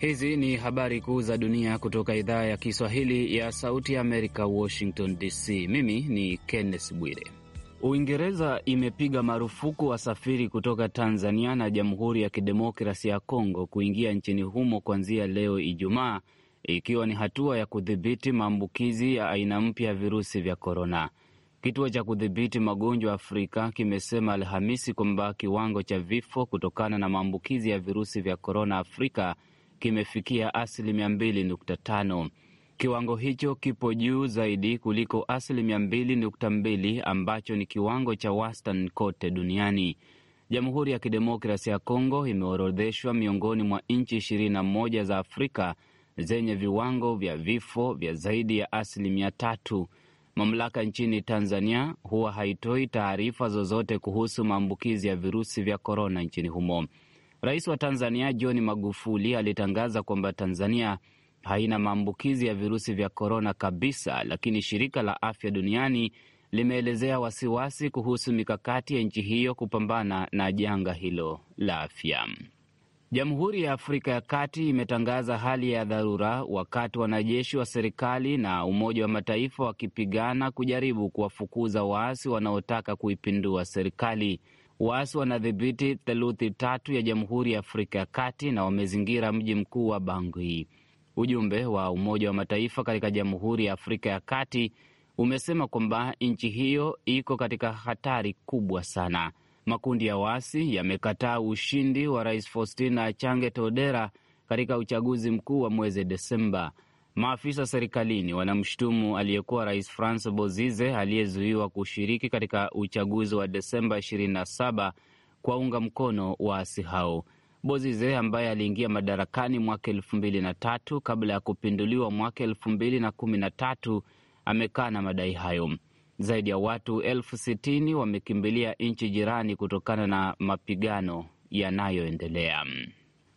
Hizi ni habari kuu za dunia kutoka idhaa ya Kiswahili ya Sauti ya Amerika, Washington DC. Mimi ni Kenneth Bwire. Uingereza imepiga marufuku wasafiri kutoka Tanzania na Jamhuri ya Kidemokrasi ya Kongo kuingia nchini humo kuanzia leo Ijumaa, ikiwa ni hatua ya kudhibiti maambukizi ya aina mpya ya virusi vya korona. Kituo cha kudhibiti magonjwa Afrika kimesema Alhamisi kwamba kiwango cha vifo kutokana na maambukizi ya virusi vya korona Afrika kimefikia asilimia 2.5. Kiwango hicho kipo juu zaidi kuliko asilimia mbili ambacho ni kiwango cha wastani kote duniani. Jamhuri ya Kidemokrasia ya Kongo imeorodheshwa miongoni mwa nchi moja za Afrika zenye viwango vya vifo vya zaidi ya asilimia tatu. Mamlaka nchini Tanzania huwa haitoi taarifa zozote kuhusu maambukizi ya virusi vya korona nchini humo. Rais wa Tanzania John Magufuli alitangaza kwamba Tanzania haina maambukizi ya virusi vya korona kabisa, lakini shirika la afya duniani limeelezea wasiwasi kuhusu mikakati ya nchi hiyo kupambana na janga hilo la afya. Jamhuri ya Afrika ya Kati imetangaza hali ya dharura wakati wanajeshi wa serikali na Umoja wa Mataifa wakipigana kujaribu kuwafukuza waasi wanaotaka kuipindua serikali. Waasi wanadhibiti theluthi tatu ya Jamhuri ya Afrika ya Kati na wamezingira mji mkuu wa Bangui. Ujumbe wa Umoja wa Mataifa katika Jamhuri ya Afrika ya Kati umesema kwamba nchi hiyo iko katika hatari kubwa sana. Makundi ya waasi yamekataa ushindi wa Rais Faustin Archange Todera katika uchaguzi mkuu wa mwezi Desemba. Maafisa serikalini wanamshutumu aliyekuwa rais Francois Bozize aliyezuiwa kushiriki katika uchaguzi wa Desemba 27 kwa unga mkono waasi hao. Bozize ambaye aliingia madarakani mwaka elfu mbili na tatu kabla ya kupinduliwa mwaka elfu mbili na kumi na tatu na madai hayo. Zaidi ya watu elfu sitini wamekimbilia nchi jirani kutokana na mapigano yanayoendelea.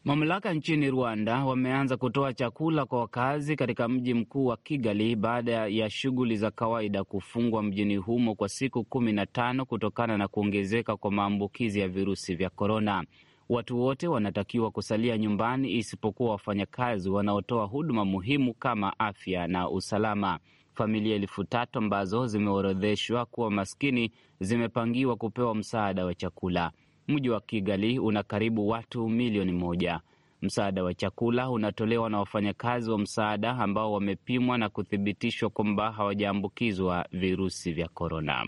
Mamlaka nchini Rwanda wameanza kutoa chakula kwa wakazi katika mji mkuu wa Kigali baada ya shughuli za kawaida kufungwa mjini humo kwa siku kumi na tano kutokana na kuongezeka kwa maambukizi ya virusi vya korona. Watu wote wanatakiwa kusalia nyumbani isipokuwa wafanyakazi wanaotoa huduma muhimu kama afya na usalama. Familia elfu tatu ambazo zimeorodheshwa kuwa maskini zimepangiwa kupewa msaada wa chakula. Mji wa Kigali una karibu watu milioni moja. Msaada wa chakula unatolewa na wafanyakazi wa msaada ambao wamepimwa na kuthibitishwa kwamba hawajaambukizwa virusi vya korona.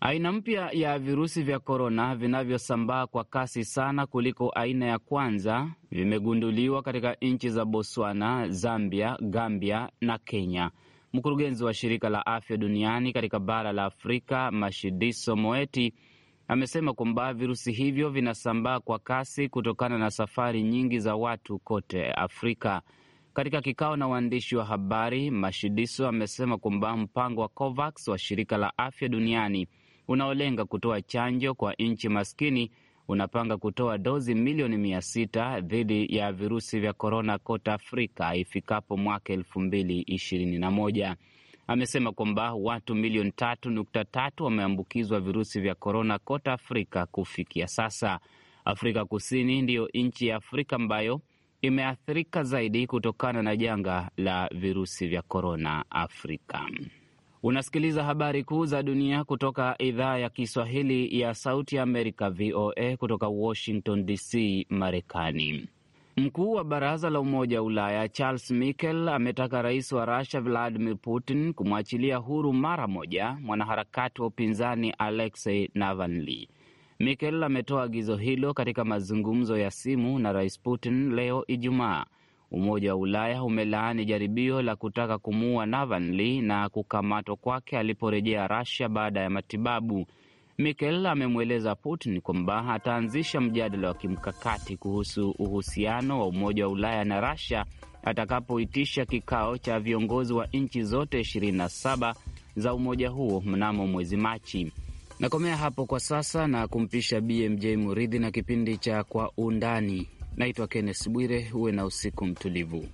Aina mpya ya virusi vya korona vinavyosambaa kwa kasi sana kuliko aina ya kwanza vimegunduliwa katika nchi za Botswana, Zambia, Gambia na Kenya. Mkurugenzi wa shirika la afya duniani katika bara la Afrika, Mashidiso Moeti amesema kwamba virusi hivyo vinasambaa kwa kasi kutokana na safari nyingi za watu kote Afrika. Katika kikao na waandishi wa habari, Mashidiso amesema kwamba mpango wa COVAX wa shirika la afya duniani unaolenga kutoa chanjo kwa nchi maskini unapanga kutoa dozi milioni mia sita dhidi ya virusi vya korona kote Afrika ifikapo mwaka elfu mbili ishirini na moja amesema kwamba watu milioni tatu nukta tatu wameambukizwa virusi vya korona kote Afrika kufikia sasa. Afrika Kusini ndiyo nchi ya Afrika ambayo imeathirika zaidi kutokana na janga la virusi vya korona Afrika. Unasikiliza habari kuu za dunia kutoka idhaa ya Kiswahili ya Sauti ya Amerika, VOA, kutoka Washington DC, Marekani. Mkuu wa baraza la Umoja wa Ulaya Charles Michel ametaka rais wa Rusia Vladimir Putin kumwachilia huru mara moja mwanaharakati wa upinzani Alexei Navalny. Michel ametoa agizo hilo katika mazungumzo ya simu na rais Putin leo Ijumaa. Umoja wa Ulaya umelaani jaribio la kutaka kumuua Navalny na kukamatwa kwake aliporejea Rusia baada ya matibabu mikel amemweleza Putin kwamba ataanzisha mjadala wa kimkakati kuhusu uhusiano wa Umoja wa Ulaya na rasia atakapoitisha kikao cha viongozi wa nchi zote 27 za umoja huo mnamo mwezi Machi. Nakomea hapo kwa sasa na kumpisha BMJ Muridhi na kipindi cha Kwa Undani. Naitwa Kenneth Bwire, uwe na usiku mtulivu.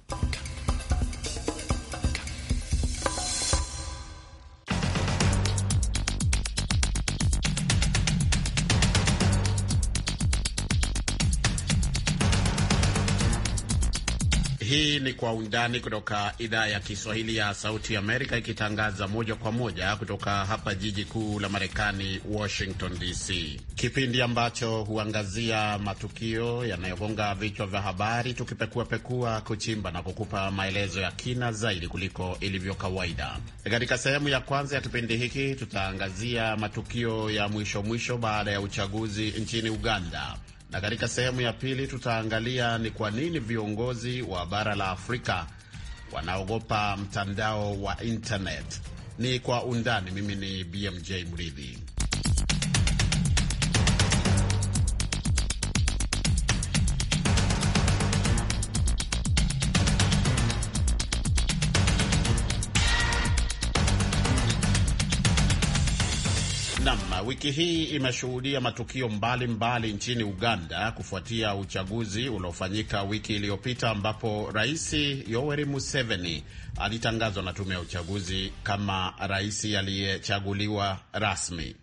ni Kwa Undani kutoka idhaa ya Kiswahili ya Sauti Amerika, ikitangaza moja kwa moja kutoka hapa jiji kuu la Marekani, Washington DC, kipindi ambacho huangazia matukio yanayogonga vichwa vya habari, tukipekuapekua, kuchimba na kukupa maelezo ya kina zaidi kuliko ilivyo kawaida. Katika sehemu ya kwanza ya kipindi hiki, tutaangazia matukio ya mwisho mwisho baada ya uchaguzi nchini Uganda na katika sehemu ya pili tutaangalia ni kwa nini viongozi wa bara la Afrika wanaogopa mtandao wa internet. Ni kwa undani. Mimi ni BMJ Mridhi. Wiki hii imeshuhudia matukio mbalimbali mbali nchini Uganda kufuatia uchaguzi uliofanyika wiki iliyopita ambapo Rais Yoweri Museveni alitangazwa na tume ya uchaguzi kama rais aliyechaguliwa rasmi.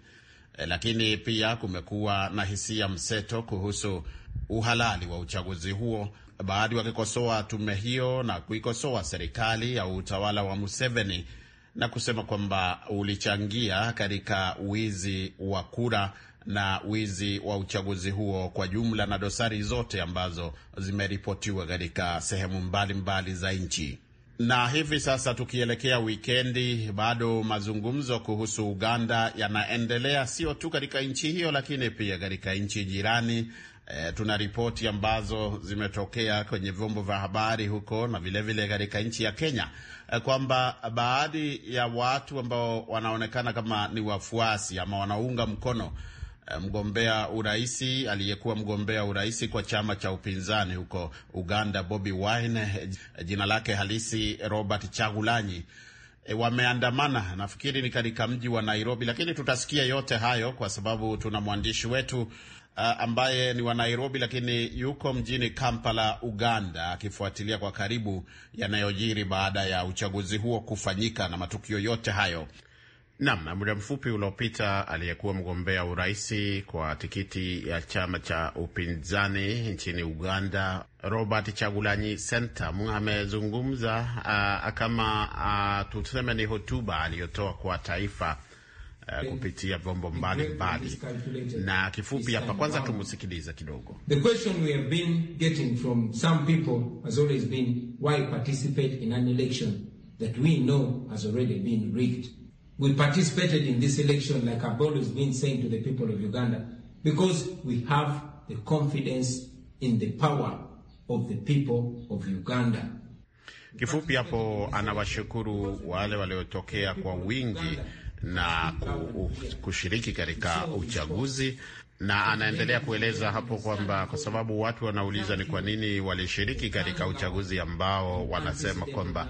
E, lakini pia kumekuwa na hisia mseto kuhusu uhalali wa uchaguzi huo, baadhi wakikosoa tume hiyo na kuikosoa serikali au utawala wa Museveni na kusema kwamba ulichangia katika wizi wa kura na wizi wa uchaguzi huo kwa jumla na dosari zote ambazo zimeripotiwa katika sehemu mbalimbali za nchi. Na hivi sasa tukielekea wikendi, bado mazungumzo kuhusu Uganda yanaendelea, sio tu katika nchi hiyo, lakini pia katika nchi jirani. E, tuna ripoti ambazo zimetokea kwenye vyombo vya habari huko na vilevile katika nchi ya Kenya Eh, kwamba baadhi ya watu ambao wanaonekana kama ni wafuasi ama wanaunga mkono eh, mgombea uraisi aliyekuwa mgombea uraisi kwa chama cha upinzani huko Uganda, Bobi Wine, jina lake halisi Robert Chagulanyi, e, wameandamana nafikiri ni katika mji wa Nairobi, lakini tutasikia yote hayo kwa sababu tuna mwandishi wetu uh, ambaye ni wa Nairobi lakini yuko mjini Kampala, Uganda, akifuatilia kwa karibu yanayojiri baada ya uchaguzi huo kufanyika na matukio yote hayo. Naam, muda mfupi uliopita aliyekuwa mgombea uraisi kwa tikiti ya chama cha upinzani nchini Uganda, Robert Chagulanyi Sentamu amezungumza uh, kama uh, tuseme ni hotuba aliyotoa kwa taifa uh, kupitia vyombo mbalimbali. Na kifupi hapa, kwanza tumsikilize kidogo. The question we have been getting from some people has always been why participate in an election that we know has already been rigged. We participated in this election like I've always been saying to the people of Uganda because we have the confidence in the power of the people of Uganda. Kifupi hapo anawashukuru wale waliotokea kwa wingi na kushiriki katika uchaguzi na anaendelea kueleza hapo kwamba kwa sababu watu wanauliza ni kwa nini walishiriki katika uchaguzi ambao wanasema kwamba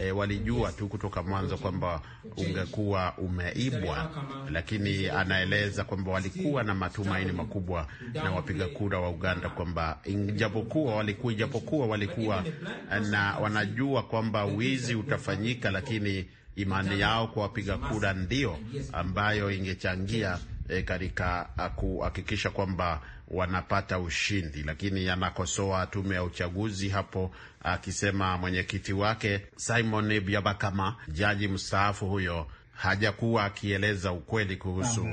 e, walijua tu kutoka mwanzo kwamba ungekuwa umeibwa, lakini anaeleza kwamba walikuwa na matumaini makubwa na wapiga kura wa Uganda kwamba ijapokuwa walikuwa, ijapokuwa walikuwa na wanajua kwamba wizi utafanyika, lakini imani yao kwa wapiga kura ndio ambayo ingechangia e, katika ah, kuhakikisha kwamba wanapata ushindi, lakini anakosoa tume ya uchaguzi hapo, akisema mwenyekiti wake Simon Byabakama, jaji mstaafu huyo hajakuwa akieleza ukweli kuhusu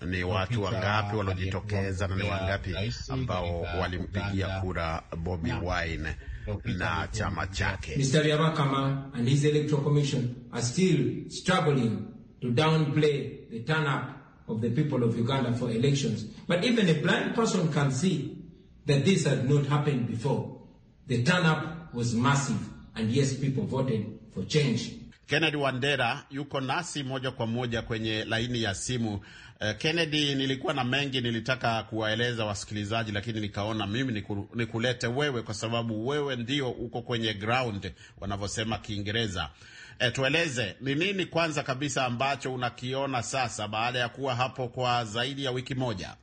ah, ni watu wangapi waliojitokeza na ni wangapi ambao walimpigia kura Bobi Wine na chama chake. Mr. Yamakama and his electoral commission are still struggling to downplay the turn up of the people of Uganda for elections. But even a blind person can see that this had not happened before. The turn up was massive and yes, people voted for change. Kennedy Wandera yuko nasi moja kwa moja kwenye laini ya simu. Uh, Kennedy, nilikuwa na mengi nilitaka kuwaeleza wasikilizaji, lakini nikaona mimi nikulete wewe kwa sababu wewe ndio uko kwenye ground wanavyosema Kiingereza. E, tueleze ni nini kwanza kabisa ambacho unakiona sasa baada ya kuwa hapo kwa zaidi ya wiki moja?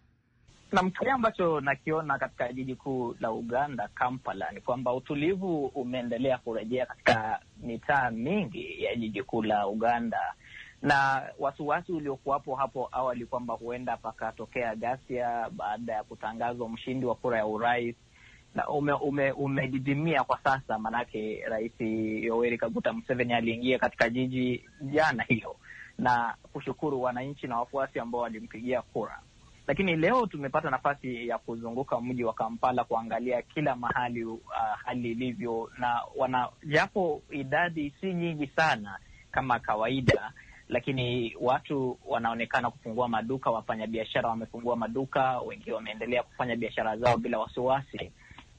Naam, kile ambacho nakiona katika jiji kuu la Uganda, Kampala, ni kwamba utulivu umeendelea kurejea katika mitaa mingi ya jiji kuu la Uganda, na wasiwasi uliokuwapo hapo awali kwamba huenda pakatokea ghasia baada ya kutangazwa mshindi wa kura ya urais na ume- umedidimia ume kwa sasa, maanake Rais Yoweri Kaguta Museveni aliingia katika jiji jana hiyo na kushukuru wananchi na wafuasi ambao walimpigia kura. Lakini leo tumepata nafasi ya kuzunguka mji wa Kampala kuangalia kila mahali uh, hali ilivyo, na wana japo idadi si nyingi sana kama kawaida, lakini watu wanaonekana kufungua maduka, wafanyabiashara wamefungua maduka, wengi wameendelea kufanya biashara zao bila wasiwasi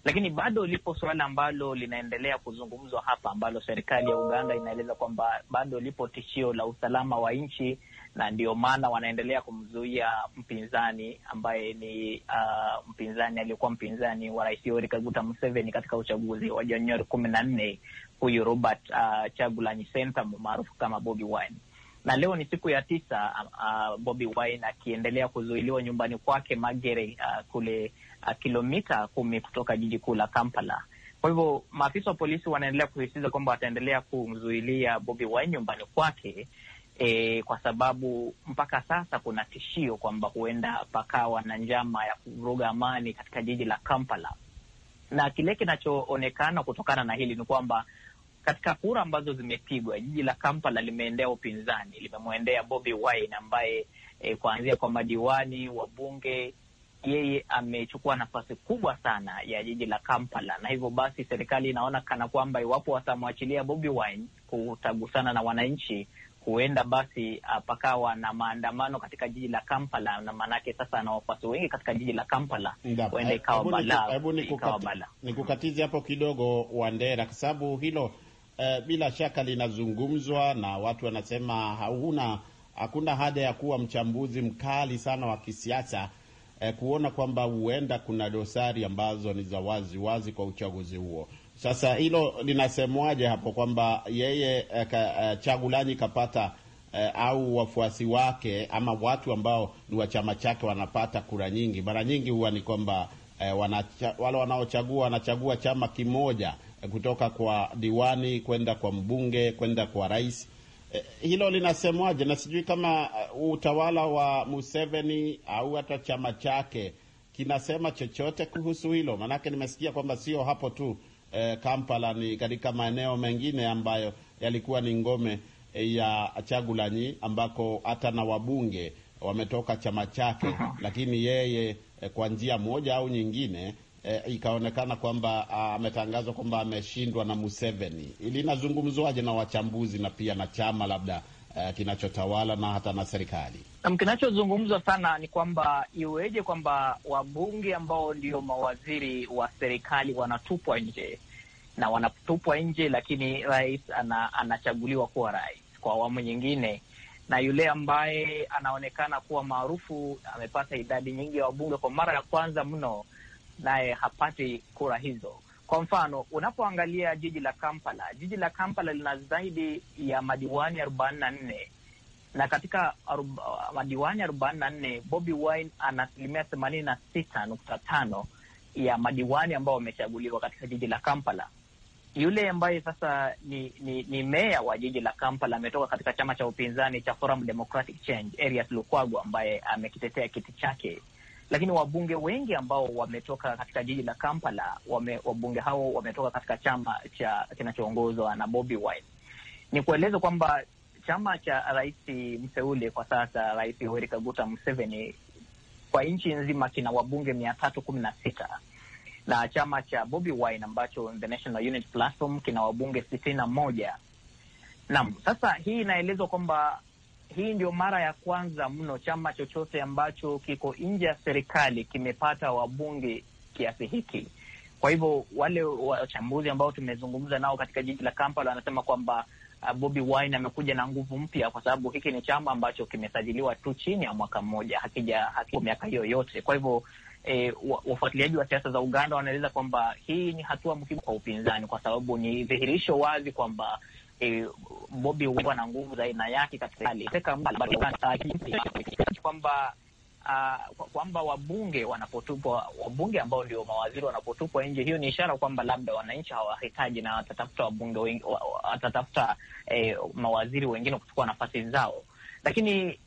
lakini bado lipo suala ambalo linaendelea kuzungumzwa hapa, ambalo serikali ya Uganda inaeleza kwamba bado lipo tishio la usalama wa nchi, na ndio maana wanaendelea kumzuia mpinzani ambaye ni uh, mpinzani aliyekuwa mpinzani wa rais Yoweri Kaguta Museveni katika uchaguzi wa Januari kumi na nne, huyu Robert uh, Chagulanyi Sentamu maarufu kama Bobi Wine. Na leo ni siku ya tisa uh, Bobi Wine akiendelea kuzuiliwa nyumbani kwake Magere uh, kule uh, kilomita kumi kutoka jiji kuu la Kampala. Kwa hivyo maafisa wa polisi wanaendelea kusisitiza kwamba wataendelea kumzuilia Bobi Wine nyumbani kwake e, kwa sababu mpaka sasa kuna tishio kwamba huenda pakawa na njama ya kuvuruga amani katika jiji la Kampala, na kile kinachoonekana kutokana na hili ni kwamba katika kura ambazo zimepigwa, jiji la Kampala limeendea upinzani, limemwendea Bobi Wine ambaye e, kuanzia kwa madiwani, wabunge yeye amechukua nafasi kubwa sana ya jiji la Kampala, na hivyo basi serikali inaona kana kwamba iwapo watamwachilia Bobi Wine kutagusana na wananchi, huenda basi ah, pakawa na maandamano katika jiji la Kampala, na maanake sasa na wafuasi wengi katika jiji la Kampala, huenda eh, ikawa balaa. Hebu nikukatize hapo kidogo, Wandera, kwa sababu hilo eh, bila shaka linazungumzwa na watu wanasema hauna hakuna haja ya kuwa mchambuzi mkali sana wa kisiasa eh, kuona kwamba huenda kuna dosari ambazo ni za wazi wazi kwa uchaguzi huo. Sasa hilo linasemwaje hapo kwamba yeye eh, eh, Chagulanyi kapata eh, au wafuasi wake ama watu ambao ni wa chama chake wanapata kura nyingi? Mara nyingi huwa ni kwamba eh, wanacha, wale wanaochagua wanachagua chama kimoja eh, kutoka kwa diwani kwenda kwa mbunge kwenda kwa rais. Eh, hilo linasemwaje? Na sijui kama eh, utawala wa Museveni au hata chama chake kinasema chochote kuhusu hilo, maanake nimesikia kwamba sio hapo tu eh, Kampala ni katika maeneo mengine ambayo yalikuwa ni ngome eh, ya Chagulanyi ambako hata na wabunge wametoka chama chake, lakini yeye eh, kwa njia moja au nyingine eh, ikaonekana kwamba ah, ametangazwa kwamba ameshindwa na Museveni. Linazungumzwaje na wachambuzi na pia na chama labda uh, kinachotawala na hata na serikali. Kinachozungumzwa sana ni kwamba iweje kwamba wabunge ambao ndio mawaziri wa serikali wanatupwa nje na wanatupwa nje, lakini rais ana, anachaguliwa kuwa rais kwa awamu nyingine, na yule ambaye anaonekana kuwa maarufu amepata idadi nyingi ya wabunge kwa mara ya kwanza mno, naye hapati kura hizo. Kwa mfano unapoangalia jiji la Kampala, jiji la Kampala lina zaidi ya madiwani arobaini na nne na katika aruba, madiwani arobaini na nne Bobi Wine ana asilimia themanini na sita nukta tano ya madiwani ambao wamechaguliwa katika jiji la Kampala. Yule ambaye sasa ni, ni, ni meya wa jiji la Kampala ametoka katika chama cha upinzani cha Forum Democratic Change, Erias Lukwago ambaye amekitetea kiti chake lakini wabunge wengi ambao wametoka katika jiji la Kampala wame, wabunge hao wametoka katika chama cha kinachoongozwa na Bobi Wine. Ni kueleza kwamba chama cha rais mteule kwa sasa, Rais Yoweri Kaguta Museveni, kwa nchi nzima kina wabunge mia tatu kumi na sita na chama cha Bobi Wine ambacho The National Platform kina wabunge sitini na moja. Naam, sasa hii inaelezwa kwamba hii ndio mara ya kwanza mno chama chochote ambacho kiko nje ya serikali kimepata wabunge kiasi hiki. Kwa hivyo wale wachambuzi ambao tumezungumza nao katika jiji la Kampala wanasema kwamba uh, Bobi Wine amekuja na nguvu mpya, kwa sababu hiki ni chama ambacho kimesajiliwa tu chini ya mwaka mmoja, hakija miaka hiyo yote. Kwa hivyo e, wafuatiliaji wa siasa za Uganda wanaeleza kwamba hii ni hatua muhimu kwa upinzani, kwa sababu ni dhihirisho wazi kwamba Eh, Bobi huwa na nguvu za aina yake katika kwamba uh, kwamba wabunge wanapotupwa, wabunge ambao ndio mawaziri wanapotupwa nje, hiyo ni ishara kwamba labda wananchi hawahitaji na watatafuta wabunge wengi, watatafuta eh, mawaziri wengine kuchukua nafasi zao, lakini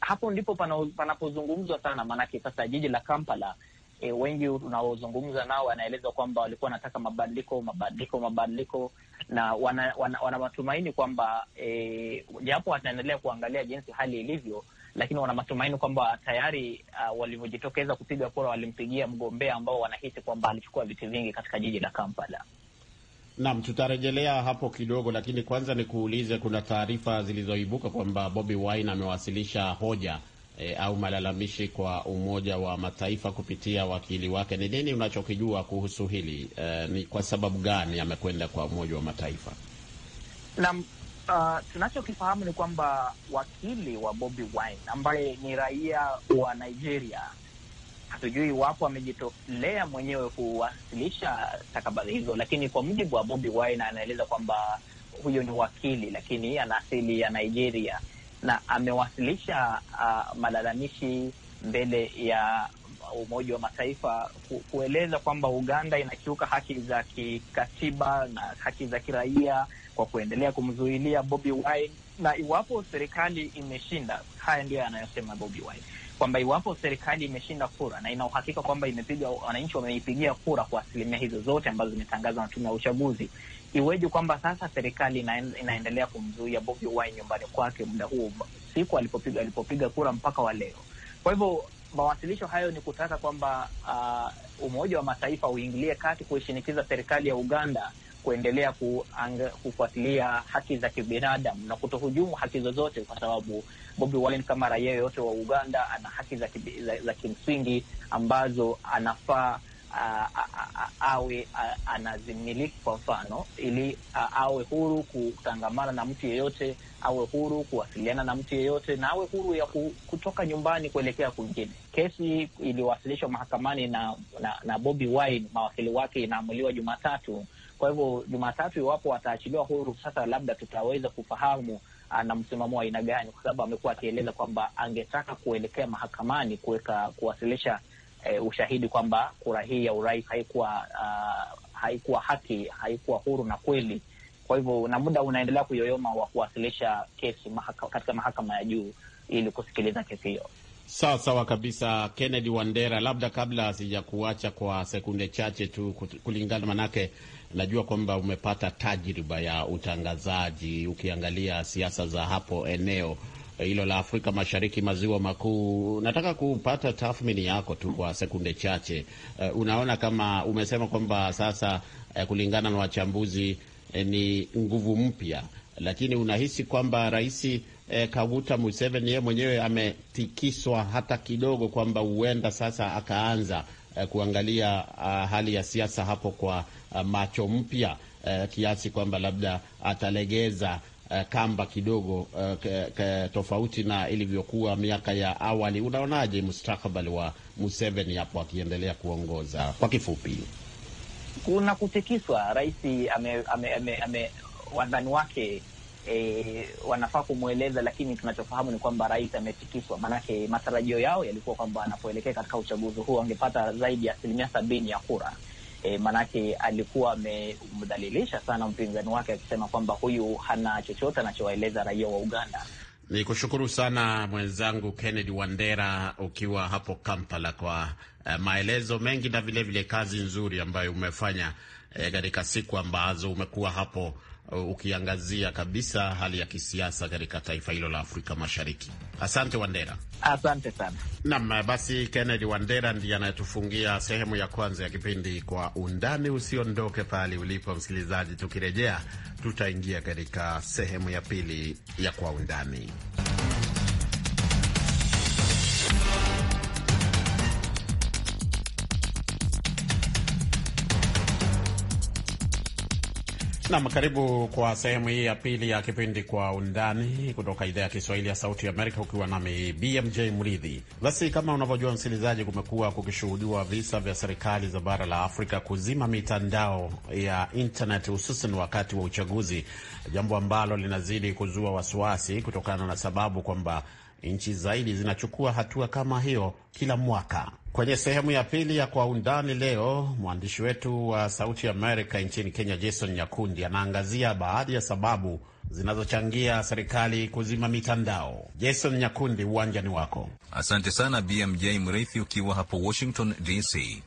hapo ndipo panapozungumzwa sana, maanake sasa jiji la Kampala E, wengi unaozungumza nao wanaeleza kwamba walikuwa wanataka mabadiliko mabadiliko mabadiliko, na wana, wana, wana matumaini kwamba eh, japo wataendelea kuangalia jinsi hali ilivyo, lakini wana matumaini kwamba tayari uh, walivyojitokeza kupiga kura walimpigia mgombea ambao wanahisi kwamba alichukua viti vingi katika jiji la Kampala. Naam, tutarejelea hapo kidogo, lakini kwanza nikuulize, kuna taarifa zilizoibuka kwamba Bobi Wine amewasilisha hoja e, au malalamishi kwa Umoja wa Mataifa kupitia wakili wake. Ni nini unachokijua kuhusu hili? E, ni kwa sababu gani amekwenda kwa Umoja wa Mataifa? Naam, uh, tunachokifahamu ni kwamba wakili wa Bobi Wine ambaye ni raia wa Nigeria, hatujui iwapo amejitolea mwenyewe kuwasilisha takabari hizo, lakini kwa mujibu wa Bobi Wine anaeleza kwamba huyo ni wakili, lakini ana asili ya Nigeria na amewasilisha uh, malalamishi mbele ya Umoja wa Mataifa kueleza kwamba Uganda inakiuka haki za kikatiba na haki za kiraia kwa kuendelea kumzuilia Bobi Wine, na iwapo serikali imeshinda, haya ndiyo yanayosema Bobi Wine kwamba iwapo serikali imeshinda kura na ina uhakika kwamba imepiga, wananchi wameipigia kura kwa asilimia hizo zote ambazo zimetangazwa na tume ya uchaguzi, iweje kwamba sasa serikali inaendelea kumzuia Bobi Wine nyumbani kwake muda huo, siku alipopiga alipopiga kura mpaka wa leo. Kwa hivyo mawasilisho hayo ni kutaka kwamba uh, Umoja wa Mataifa uingilie kati kuishinikiza serikali ya Uganda kuendelea kufuatilia haki za kibinadamu na kutohujumu haki zozote, kwa sababu Bobi Wine kama raia yoyote wa Uganda ana haki za, za, za kimsingi ambazo anafaa a, a, a, awe anazimiliki kwa mfano, ili a, awe huru kutangamana na mtu yeyote, awe huru kuwasiliana na mtu yeyote, na awe huru ya kutoka nyumbani kuelekea kwingine. Kesi iliyowasilishwa mahakamani na, na, na Bobi Wine, mawakili wake, inaamuliwa Jumatatu. Kwa hivyo Jumatatu, iwapo wataachiliwa huru, sasa labda tutaweza kufahamu ana msimamo wa aina gani, kwa sababu amekuwa akieleza kwamba angetaka kuelekea mahakamani kuweka kuwasilisha e, ushahidi kwamba kura hii ya urais haikuwa uh, haikuwa haki, haikuwa huru na kweli. Kwa hivyo na muda unaendelea kuyoyoma wa kuwasilisha kesi mahaka, katika mahakama ya juu ili kusikiliza kesi hiyo. Sawa sawa kabisa, Kennedy Wandera, labda kabla sijakuacha kwa sekunde chache tu, kulingana manake najua kwamba umepata tajriba ya utangazaji ukiangalia siasa za hapo eneo Eh, hilo la Afrika Mashariki, maziwa makuu. Nataka kupata tathmini yako tu kwa sekunde chache. Uh, unaona kama umesema kwamba sasa, uh, kulingana na wachambuzi uh, ni nguvu mpya, lakini unahisi kwamba rais uh, Kaguta Museveni yeye mwenyewe ametikiswa hata kidogo, kwamba huenda sasa akaanza uh, kuangalia uh, hali ya siasa hapo kwa uh, macho mpya kiasi kwamba labda atalegeza Eh, kamba kidogo eh, ke, ke, tofauti na ilivyokuwa miaka ya awali. Unaonaje mustakabali wa Museveni hapo akiendelea kuongoza? Kwa kifupi, kuna kutikiswa. Rais ame, ame, ame, ame wandani wake E, wanafaa kumweleza, lakini tunachofahamu ni kwamba rais ametikiswa. Maanake matarajio yao yalikuwa kwamba anapoelekea katika uchaguzi huu angepata zaidi ya asilimia sabini ya kura, e, eh, maanake alikuwa amemdhalilisha sana mpinzani wake akisema kwamba huyu hana chochote anachowaeleza raia wa Uganda. Ni kushukuru sana mwenzangu Kennedy Wandera ukiwa hapo Kampala kwa uh, maelezo mengi na vilevile kazi nzuri ambayo umefanya eh, katika uh, siku ambazo umekuwa hapo Uh, ukiangazia kabisa hali ya kisiasa katika taifa hilo la Afrika Mashariki. Asante Wandera. Asante sana. nam uh, basi Kennedy Wandera ndiye anayetufungia sehemu ya kwanza ya kipindi Kwa Undani. Usiondoke pahali ulipo msikilizaji, tukirejea tutaingia katika sehemu ya pili ya Kwa Undani. Nam, karibu kwa sehemu hii ya pili ya kipindi Kwa Undani kutoka idhaa ya Kiswahili ya Sauti ya Amerika, ukiwa nami BMJ Mridhi. Basi, kama unavyojua msikilizaji, kumekuwa kukishuhudiwa visa vya serikali za bara la Afrika kuzima mitandao ya intnet hususan wakati wa uchaguzi, jambo ambalo linazidi kuzua wasiwasi kutokana na sababu kwamba nchi zaidi zinachukua hatua kama hiyo kila mwaka. Kwenye sehemu ya pili ya Kwa Undani leo, mwandishi wetu wa Sauti Amerika nchini Kenya, Jason Nyakundi, anaangazia baadhi ya sababu zinazochangia serikali kuzima mitandao. Jason Nyakundi, uwanjani wako. Asante sana BMJ Mrithi, ukiwa hapo Washington DC.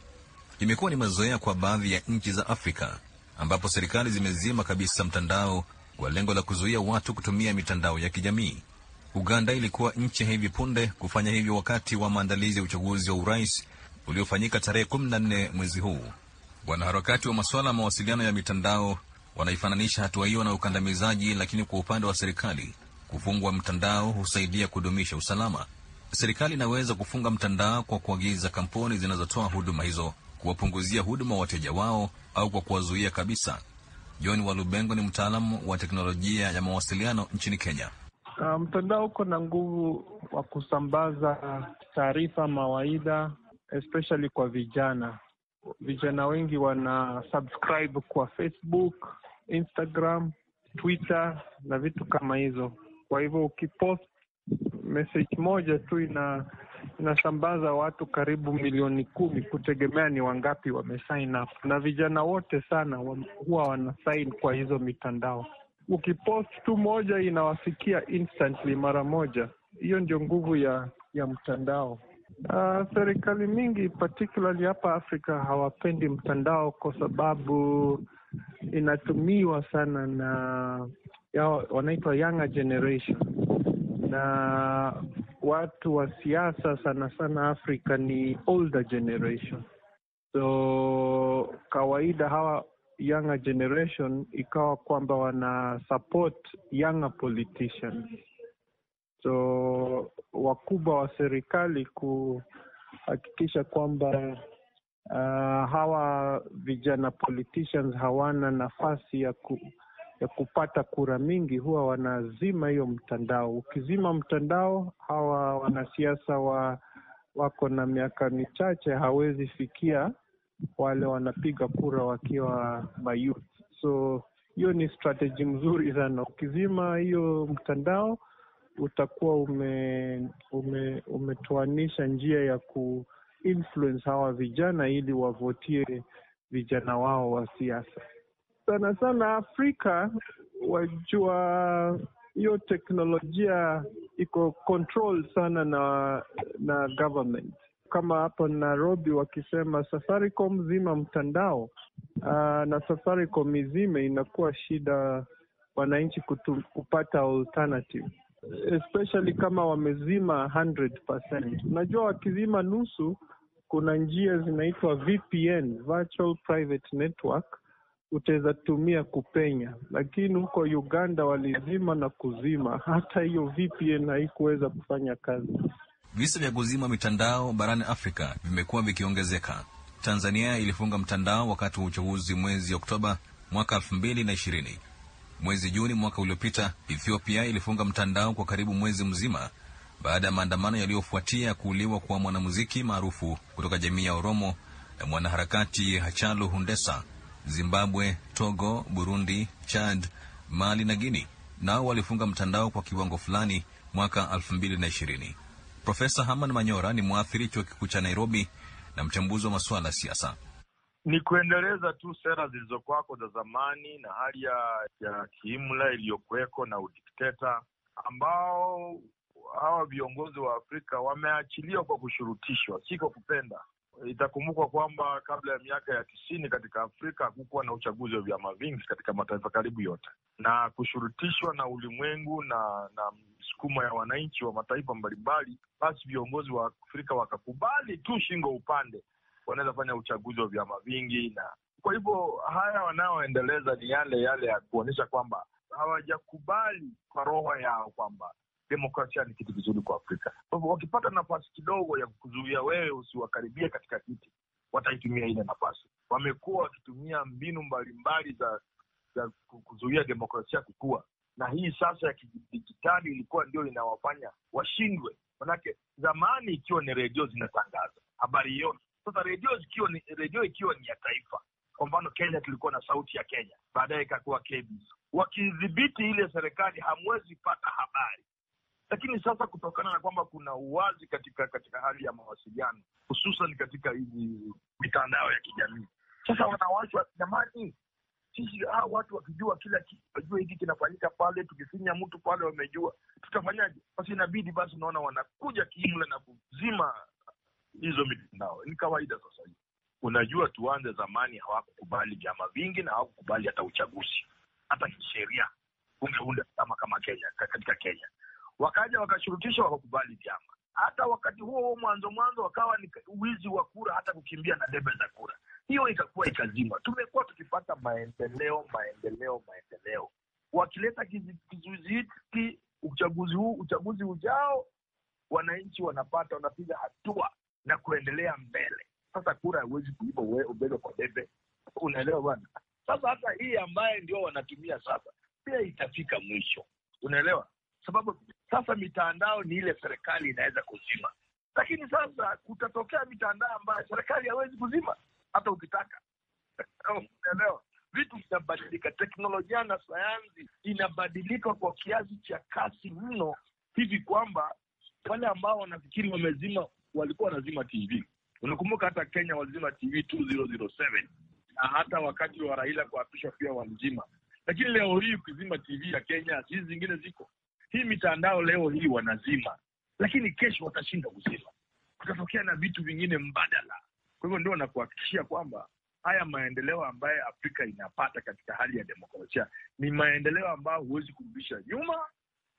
Imekuwa ni mazoea kwa baadhi ya nchi za Afrika ambapo serikali zimezima kabisa mtandao kwa lengo la kuzuia watu kutumia mitandao ya kijamii. Uganda ilikuwa nchi ya hivi punde kufanya hivyo wakati wa maandalizi ya uchaguzi wa urais uliofanyika tarehe nne mwezi huu. Wanaharakati wa masuala ya mawasiliano ya mitandao wanaifananisha hatua hiyo na ukandamizaji, lakini kwa upande wa serikali, kufungwa mtandao husaidia kudumisha usalama. Serikali inaweza kufunga mtandao kwa kuagiza kampuni zinazotoa huduma hizo kuwapunguzia huduma wateja wao au kwa kuwazuia kabisa. John Walubengo ni mtaalamu wa teknolojia ya mawasiliano nchini Kenya. Ah, mtandao uko na nguvu wa kusambaza taarifa, mawaidha especially kwa vijana. Vijana wengi wana subscribe kwa Facebook, Instagram, Twitter na vitu kama hizo. Kwa hivyo ukipost message moja tu ina inasambaza watu karibu milioni kumi, kutegemea ni wangapi wamesign up, na vijana wote sana huwa wanasign kwa hizo mitandao ukipost tu moja inawafikia instantly mara moja. Hiyo ndio nguvu ya ya mtandao. Uh, serikali mingi particularly hapa Afrika hawapendi mtandao kwa sababu inatumiwa sana na wanaitwa younger generation, na watu wa siasa sana sana Afrika ni older generation, so kawaida hawa younger generation ikawa kwamba wana support younger politicians, so wakubwa wa serikali kuhakikisha kwamba uh, hawa vijana politicians hawana nafasi ya ku, ya kupata kura mingi, huwa wanazima hiyo mtandao. Ukizima mtandao, hawa wanasiasa wa wako na miaka michache hawezi fikia wale wanapiga kura wakiwa mayouth. So hiyo ni strategy mzuri sana. Ukizima hiyo mtandao utakuwa ume, ume, umetoanisha njia ya ku influence hawa vijana ili wavotie vijana wao wa siasa. Sana sana Afrika wajua hiyo teknolojia iko control sana na na government kama hapa Nairobi wakisema Safaricom zima mtandao aa, ah, na Safaricom izime, inakuwa shida wananchi kupata alternative, especially kama wamezima 100%. Unajua, wakizima nusu, kuna njia zinaitwa VPN, virtual private network, utaweza tumia kupenya, lakini huko Uganda walizima na kuzima, hata hiyo VPN haikuweza kufanya kazi. Visa vya kuzima mitandao barani Afrika vimekuwa vikiongezeka. Tanzania ilifunga mtandao wakati wa uchaguzi mwezi Oktoba mwaka elfu mbili na ishirini. Mwezi Juni mwaka uliopita, Ethiopia ilifunga mtandao kwa karibu mwezi mzima baada ya maandamano yaliyofuatia kuuliwa kwa mwanamuziki maarufu kutoka jamii ya Oromo na mwanaharakati Hachalu hundesa Zimbabwe, Togo, Burundi, Chad, Mali na Guini nao walifunga mtandao kwa kiwango fulani mwaka elfu mbili na ishirini. Profesa Haman Manyora ni mwathiri chuo kikuu cha Nairobi na mchambuzi wa masuala ya siasa. Ni kuendeleza tu sera zilizokwako za zamani na hali ya, ya kiimla iliyokuweko na udikteta ambao hawa viongozi wa Afrika wameachiliwa kwa kushurutishwa, si kwa kupenda. Itakumbukwa kwamba kabla ya miaka ya tisini katika Afrika hakukuwa na uchaguzi wa vyama vingi katika mataifa karibu yote, na kushurutishwa na ulimwengu na, na misukuma ya wananchi wa mataifa mbalimbali, basi viongozi wa Afrika wakakubali tu shingo upande, wanaweza fanya uchaguzi wa vyama vingi. Na kwa hivyo haya wanaoendeleza ni yale yale ya kuonyesha kwamba hawajakubali kwa roho yao kwamba demokrasia ni kitu kizuri kwa Afrika. Kwa hivyo wakipata nafasi kidogo ya kuzuia wewe usiwakaribie katika kiti, wataitumia ile nafasi. Wamekuwa wakitumia mbinu mbalimbali za za kuzuia demokrasia kukua na hii sasa ya kidijitali ilikuwa ndio inawafanya washindwe, manake zamani ikiwa ni redio zinatangaza habari yote. Sasa redio ikiwa ni redio ikiwa ni ya taifa, kwa mfano Kenya tulikuwa na Sauti ya Kenya, baadaye ikakuwa KBC. Wakidhibiti ile serikali, hamwezi pata habari lakini sasa kutokana na kwamba kuna uwazi katika katika hali ya mawasiliano, hususan katika hizi mitandao ya kijamii, sasa wanawachwa, jamani, sisi ah, watu wakijua kila kitu, wajua hiki kinafanyika pale, tukifinya mtu pale, wamejua tutafanyaje? Basi inabidi basi, unaona wanakuja kiimla na kuzima hizo mitandao. Ni kawaida sasa hii. Unajua, tuanze zamani, hawakukubali vyama vingi na hawakukubali hata uchaguzi, hata kisheria ungeunda chama kama Kenya, katika Kenya wakaja wakashurutisha, wakakubali vyama. Hata wakati huo huo mwanzo mwanzo wakawa ni wizi wa kura, hata kukimbia na debe za kura hiyo itakuwa itazima. Tumekuwa tukipata maendeleo maendeleo maendeleo, wakileta kizuizi hiki uchaguzi huu uchaguzi ujao, wananchi wanapata wanapiga hatua na kuendelea mbele. Sasa kura haiwezi kuiba ubega kwa bebe, unaelewa bwana? Sasa hata hii ambaye ndio wanatumia sasa pia itafika mwisho, unaelewa? Sababu sasa mitandao ni ile serikali inaweza kuzima, lakini sasa kutatokea mitandao ambayo serikali hawezi kuzima hata ukitaka unaelewa. Vitu vinabadilika, teknolojia na sayansi inabadilika kwa kiasi cha kasi mno hivi kwamba wale ambao wanafikiri wamezima walikuwa wanazima TV. Unakumbuka hata Kenya walizima TV 2007 na hata wakati wa Raila kuapishwa pia walizima, lakini leo hii ukizima TV ya Kenya, hizi zingine ziko hii mitandao leo hii wanazima, lakini kesho watashinda kuzima. Kutatokea na vitu vingine mbadala kwa hivyo ndio nakuhakikishia kwamba haya maendeleo ambayo Afrika inapata katika hali ya demokrasia ni maendeleo ambayo huwezi kurudisha nyuma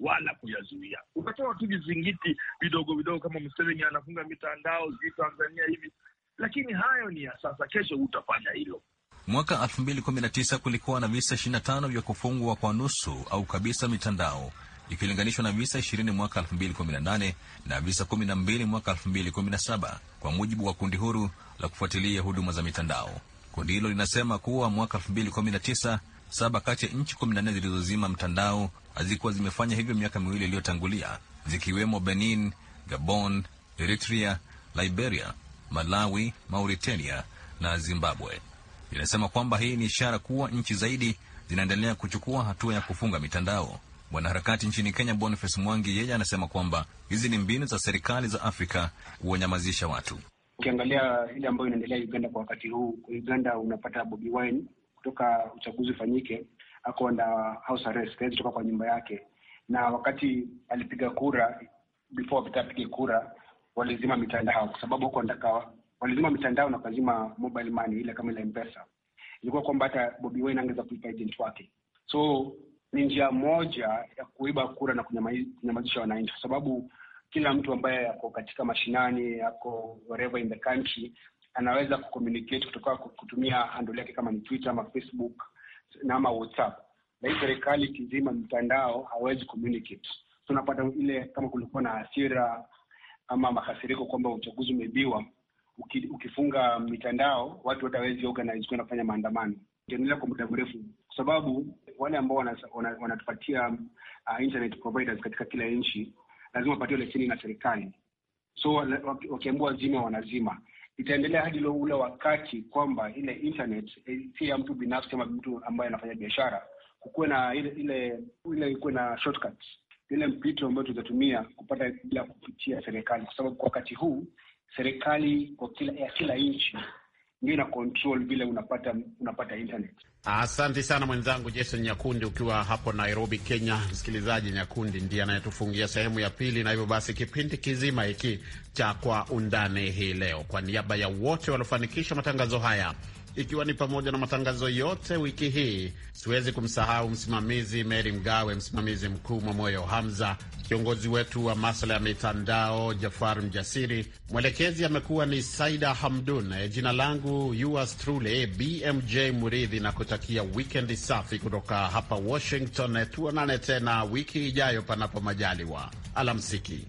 wala kuyazuia. Utatoa tu vizingiti vidogo vidogo, kama Museveni anafunga mitandao zi Tanzania hivi, lakini hayo ni ya sasa. Kesho utafanya hilo. Mwaka elfu mbili kumi na tisa kulikuwa na visa ishirini na tano vya kufungwa kwa nusu au kabisa mitandao ikilinganishwa na visa 20 mwaka 2018 na visa 12 mwaka 2017, kwa mujibu wa kundi huru la kufuatilia huduma za mitandao. Kundi hilo linasema kuwa mwaka 2019 saba kati ya nchi 14 zilizozima mtandao hazikuwa zimefanya hivyo miaka miwili iliyotangulia, zikiwemo Benin, Gabon, Eritrea, Liberia, Malawi, Mauritania na Zimbabwe. Linasema kwamba hii ni ishara kuwa nchi zaidi zinaendelea kuchukua hatua ya kufunga mitandao. Mwanaharakati nchini Kenya Boniface Mwangi yeye anasema kwamba hizi ni mbinu za serikali za Afrika kuwanyamazisha watu. Ukiangalia ile ambayo inaendelea Uganda kwa wakati huu, Uganda unapata Bobi Wine kutoka uchaguzi ufanyike, ako under house arrest, kwa nyumba yake, na wakati alipiga kura, before vita apige kura, walizima mitandao kwa sababu huko ndaka, walizima mitandao na kazima mobile money ile kama ile M-Pesa, ilikuwa kwamba hata Bobi Wine angeza kulipa agent wake so ni njia moja ya kuiba kura na kunyamazisha wananchi, kwa sababu kila mtu ambaye ako katika mashinani ako wherever in the country anaweza kucommunicate kutoka kutumia handle yake kama ni Twitter ama Facebook na ama WhatsApp, na hii serikali kizima mtandao hawezi communicate. Tunapata ile kama kulikuwa na hasira ama makasiriko kwamba uchaguzi umeibiwa, ukifunga mitandao watu watawezi organize kwenda kufanya maandamano, itaendelea kwa muda mrefu, kwa sababu wale ambao wanatupatia wana, wana uh, internet providers katika kila nchi lazima wapatie leseni na serikali, so wakiambua wazima wanazima. Itaendelea hadi ule wakati kwamba ile internet eh, si ya mtu binafsi ama mtu ambaye anafanya biashara, kukuwe na ile ile ile ikuwe na shortcuts, ile mpito ambayo tutatumia kupata bila kupitia serikali, kwa sababu kwa wakati huu serikali kwa kila, ya kila nchi niwe na control vile unapata unapata internet. Asante sana mwenzangu Jason Nyakundi ukiwa hapo Nairobi, Kenya. Msikilizaji, Nyakundi ndiye anayetufungia sehemu ya pili, na hivyo basi kipindi kizima hiki cha Kwa Undani hii leo, kwa niaba ya wote waliofanikisha matangazo haya ikiwa ni pamoja na matangazo yote wiki hii. Siwezi kumsahau msimamizi Meri Mgawe, msimamizi mkuu Mwamoyo Hamza, kiongozi wetu wa masuala ya mitandao Jafar Mjasiri, mwelekezi amekuwa ni Saida Hamdun. Eh, jina langu yours truly BMJ Muridhi, na kutakia wikendi safi kutoka hapa Washington. Tuonane tena wiki ijayo, panapo majaliwa. Alamsiki.